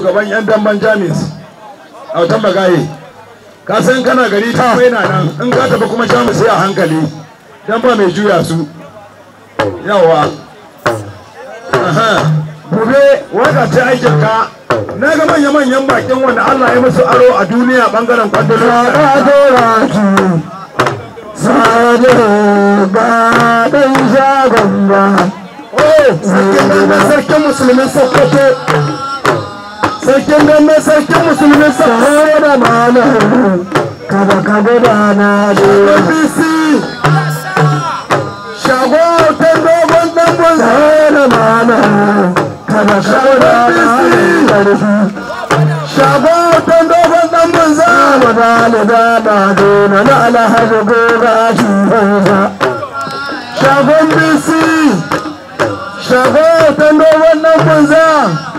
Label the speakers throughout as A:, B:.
A: shugaban yan damban jamis a watan bagaye ka san kana gari ta na nan in ka tafi kuma jamus sai a hankali dan ba mai juya su yawa gobe waka ta aikin ka na ga manya-manyan bakin wanda Allah ya musu aro a duniya bangaren kwandalo Sado ba ɗan shagon ba. Oh, sarkin musulmin Sokoto. sarkin dambe sarkin musulmi sarara da mana kada ka gudana da abc shago ta dogon dambon sarara da mana kada ka gudana da shago ta dogon dambon zama da lida da dona na da gora shi shagon bc shago ta dogon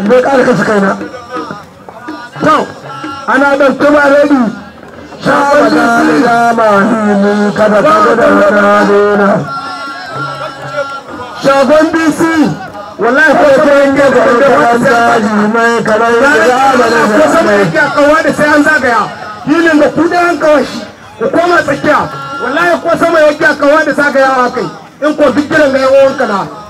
A: zai ƙara kasu kaina to ana ɗauke ba rabi shawara da mahimmi kada kada da wani dona shagon bc wallahi ko ta yanke ga wanda an zaji mai kamar yadda amanin da ya kawa da sai an zagaya hilin da kuɗe an kawai shi ku koma tsakiya wallahi ko sama yake kawa da zagaya a kai in ko duk jiran ga yan uwanka na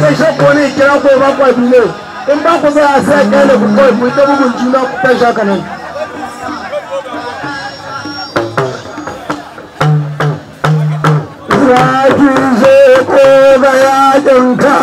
A: fashe ko ne kira ko ba ku abinne in ba ku sai a sai kai da ku kawai ku ta bugun juna ku fashe haka nan Zaki zai ko ga yajinka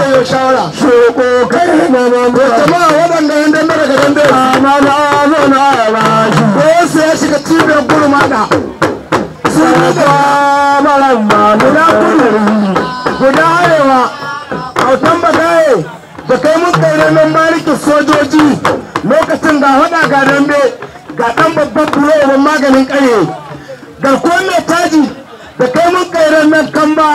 A: da yau shawara shoko kai ma ma ma jama'a waɗanda yan dambe daga na ma ma ma ma shi. ko sai ya shiga cibiyar gurmada sunaka malamma na kudu guda arewa autan bagaye da kai mun tsere nan maliki sojoji lokacin ga hada ga dambe ga dan babban bulo maganin kare garkuwar mai taji da kai mun tsere nan kan ba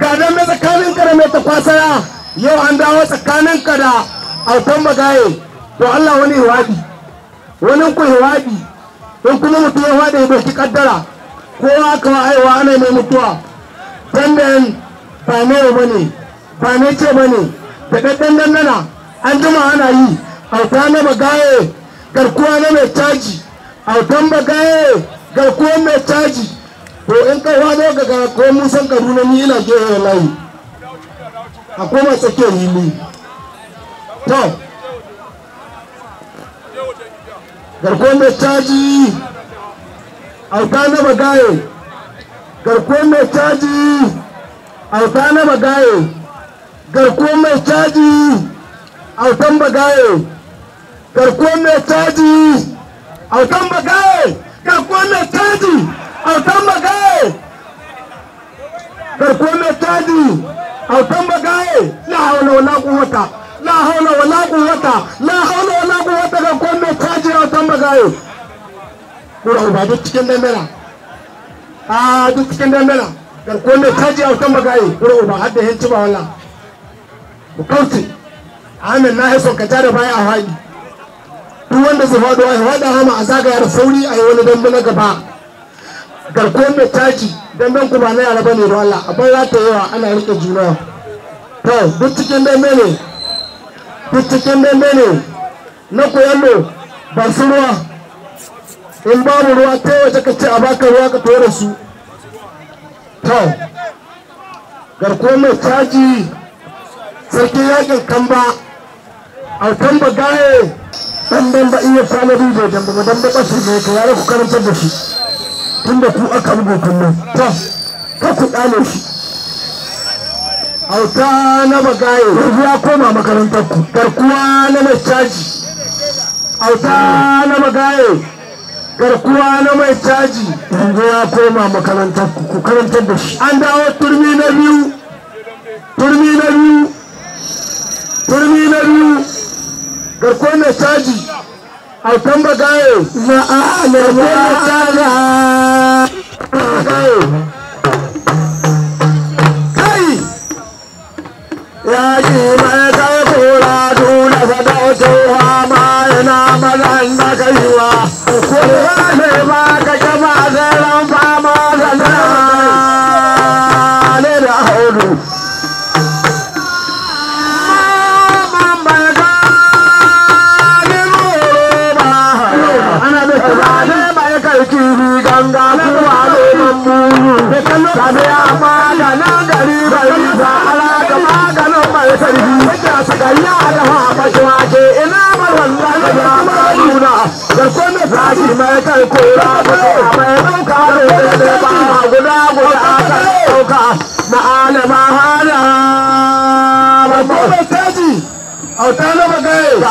A: ga dambe tsakanin ka da mai takwasara yau an dawo tsakanin da autan magaye to Allah wani hiwadi wani ku hiwadi in kuma mutum ya hwada ya doki kaddara kowa ka aiwa ana mai mutuwa dandan ba ne ba ne ba ne ce ba ne da daddan dandana an jima ana yi auta na bagaye garkuwa na mai caji autan bagaye garkuwa mai caji ko in kai hado ka ga ko musan kaduna ni ina ke layi a koma tsakiyar hili to garko mai caji auta na bagaye garko mai caji auta na bagaye garko mai caji autan bagaye garko mai caji autan bagaye garko mai caji autan bagaye garko mai tadi autan bagaye la haula wala quwwata la haula wala quwwata la haula wala quwwata garko mai tadi autan bagaye kura ba duk cikin dambela a duk cikin dambela garko mai tadi autan bagaye kura ba hadda hinci ba wala ku kauce amin na haifon ka da baya a hali. duk wanda zai faɗo a faɗa hama a zagaya da sauri a yi wani dambe na gaba garkuwar mai caji damben ku ba na yara bane don Allah abin za ta yawa ana rike juna to duk cikin dambe ne duk cikin dambe ne na koyallo ba su ruwa in babu ruwa ta waje ka ce a baka ruwa ka tura su to garkuwar mai caji sarkin yakin kamba alkan ba gaye dan dan ba iya sanadu da dan ba dan ba kasu ne to ya ku karantar da shi tunda ku aka rubo kallon to ka ku dale shi auta na bagaye yanzu ya koma makarantar ku garkuwa na mai caji auta na bagaye garkuwa na mai caji yanzu ya koma makarantar ku ku karantar da shi an dawo turmi na biyu turmi na biyu turmi na biyu garkuwa mai caji hautan bagaye za a alama tara kai yaji mai kai kura dole sadautowa ma yana mazan da kaiwa kowa mai ba ka jama zaren fama da na ne da Kamiya maganin gari bai nisa ala ga maganin mai sarki. Wanda suka yi a dafa wake ina marwanda da ya maguna. Garkon da sashi mai kai kora mai ɗauka da da ba guda guda aka ɗauka na alima hana. Babban magaye. Ba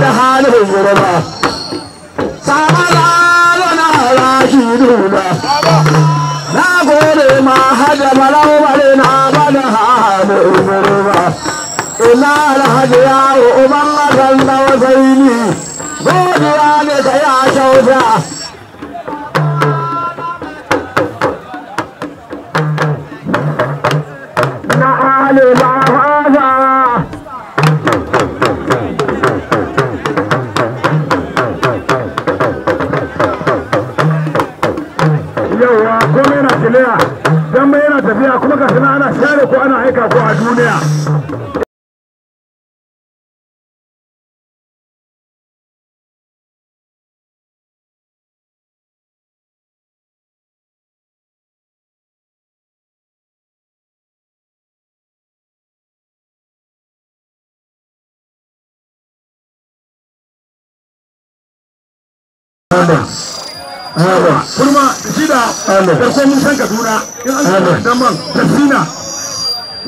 A: da halin zurba samara na rashi nuna na gode ma na bada halin ina alhaji yawo uban mazan da wasaini godiya kurma shi da kaduna in an damban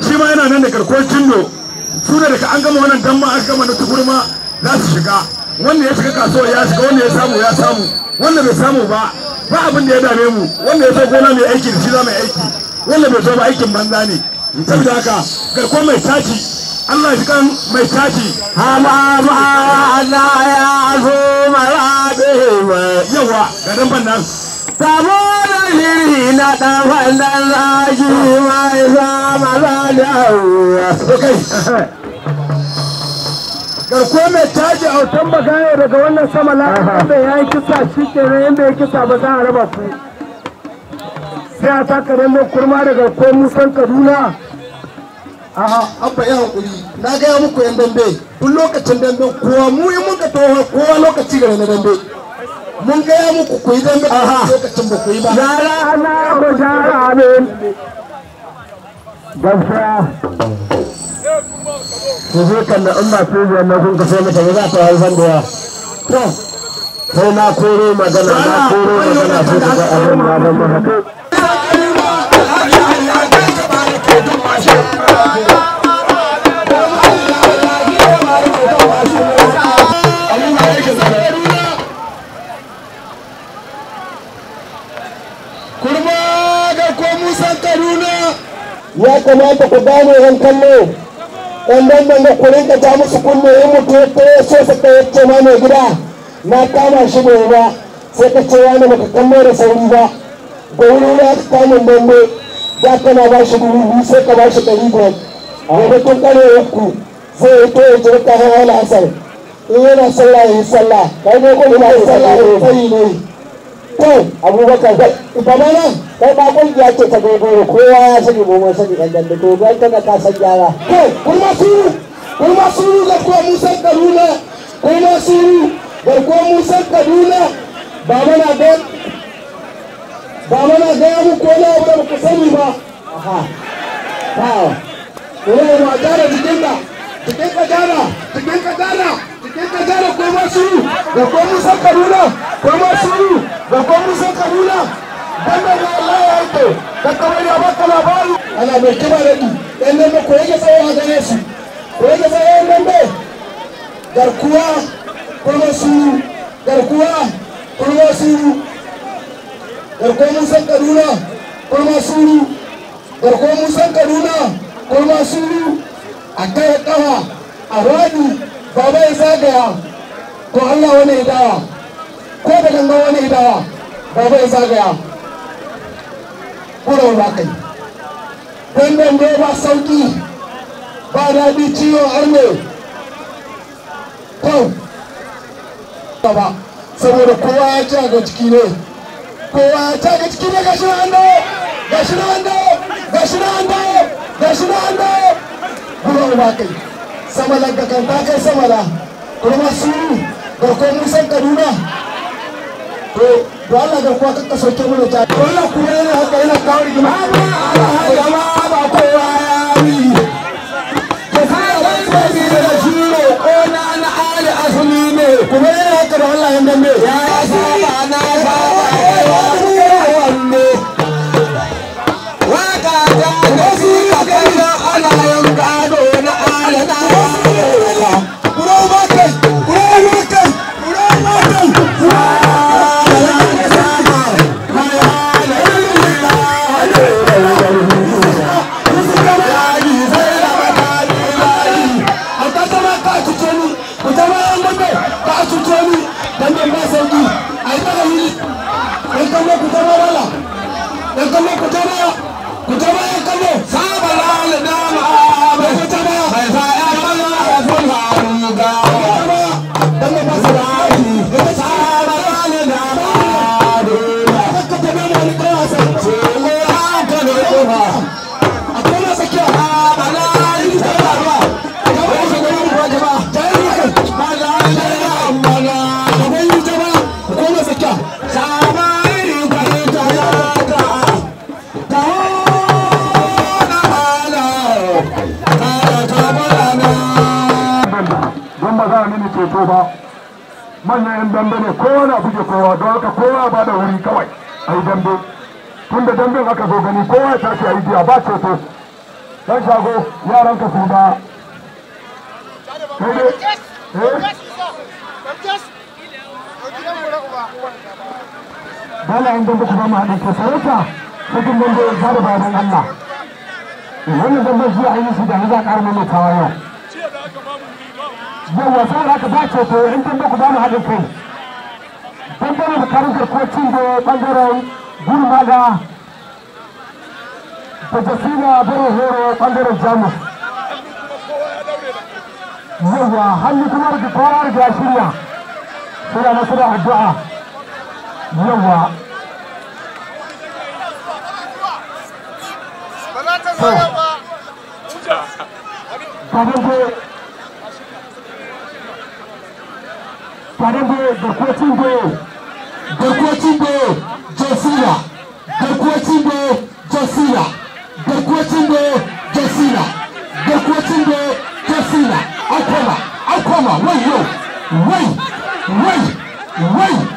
A: shi ma yana nan da garko cindo su ne daga an gama wannan damban an gama na tukurma za su shiga wanda ya shiga kasuwa ya shiga wanda ya samu ya samu wanda bai samu ba ba abin da ya dame mu wanda ya zo gona mai aiki da shi za mai aiki wanda bai zo ba aikin banza ne saboda haka garkuwar mai taci Allah shi kan mai taci hama ma Allah ya zo mara yawa ga damban nan Tamo da liri na ɗan wannan zaki mai zama zaliyawa. garko mai caji autan magayo daga wannan sama la'akar da ya yi kisa shi kenan yadda ya kisa ba za a raba su sai a taka ramon kurma daga ko musan kaduna aha abba ya hakuri na gaya muku yan dambe duk lokacin dambe kowa mu yi muka towa kowa lokaci gare na dambe mun gaya muku ku yi dambe lokacin ba ku yi ba yara ana ku shara abin gamsa ku zo kan da su na kun kaso mata ba za ta haifar da yawa to sai na koro magana na koro magana sai ku ga abin na ban mu haka Thank you. ya kamata ku gane yan kallo wannan nan da kurin ka ta musu kunne in mutu ya ta so su tsaye ce ma mai gida na kama shi bai ba sai ka ce ne maka kallo da sauri ba da wuri ya ta kamun dambe za ka na ba shi dubu biyu sai ka ba shi ɗari biyar a maimakon ƙare ku sai ya to ya ta hawa na asar in yana sallah ya yi sallah kai ne ko ina sallah ya yi tsayi ne to abubakar zai ita mana kai ba kungiya ce ta gogoro kowa ya sani mu mun sani dan dambe to ban kana ka san gyara Kai kuma suru kuma suru ga ko musa kaduna kuma suru ga ko musa kaduna ba mana ga ba mana ga mu ko na ba ku sani ba aha ta ko ma gara jikin ka jikin ka gara jikin ka gara Idan da Kaduna ko masu ana mai kiba da ni garkuwa Kaduna ko a kai kawa a baba ya zagaya ko Allah wani hidaya ko da ganga wani hidaya baba ya zagaya kura ba kai dandan ne ba sauki ba daɗi ciwo arme to ba saboda kowa ya ci ga ciki ne kowa ya ci ga ciki ne gashi na an dawo gashi na an dawo gashi na an dawo gashi na an dawo kura ba kai samalar da kan samala kuma su garkuwar musan kaduna to da Allah garkuwa ka sauke mana ta Allah kuma yana haka yana kawo rigima ba kowa manyan yan dambe ne kowa na buge kowa don haka kowa ba da wuri kawai a yi dambe tun da damben aka zo gani kowa ya tashi a yi biya ba ceto dan shago yaran ka su ba eh? Dala in dambe kuma ma haɗin ka sarauta cikin dambe ya da bayan Allah. Wannan dambe shi a yi su da ya za a ƙara mamakawa yau. yawa saboda haka ba ce to in dambe ku zamu haɗin kai dangane da karin garkuwacin da ɓangaren gurmaga da jasina barin horo ɓangaren jamus yawa hannu kuma da kowa da shirya suna na suna addu'a yawa Ba ta zo ba. Kadebo, Dekwetibo, Dekwetibo, Josila, Dekwetibo, Josila, Dekwetibo, Josila, Dekwetibo, Josila, Akwama, Akwama, wait, yo, wait, wait, wait.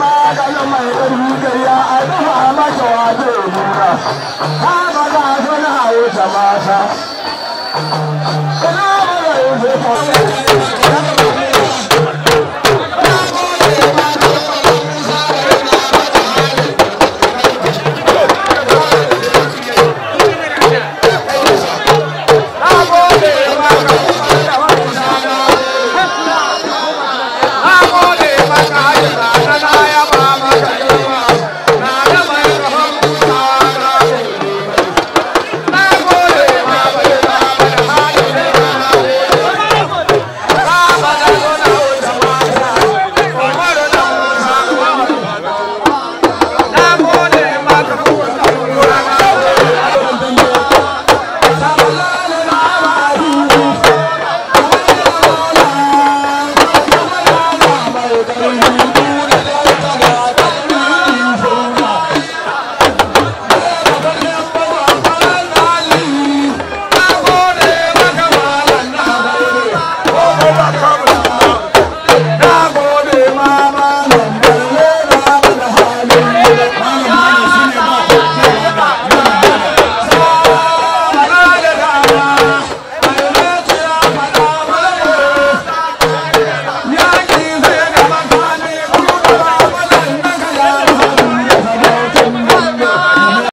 A: maganin mai ɗarfi da ya adufa masa wato nuna ta maza suna hausa mata ina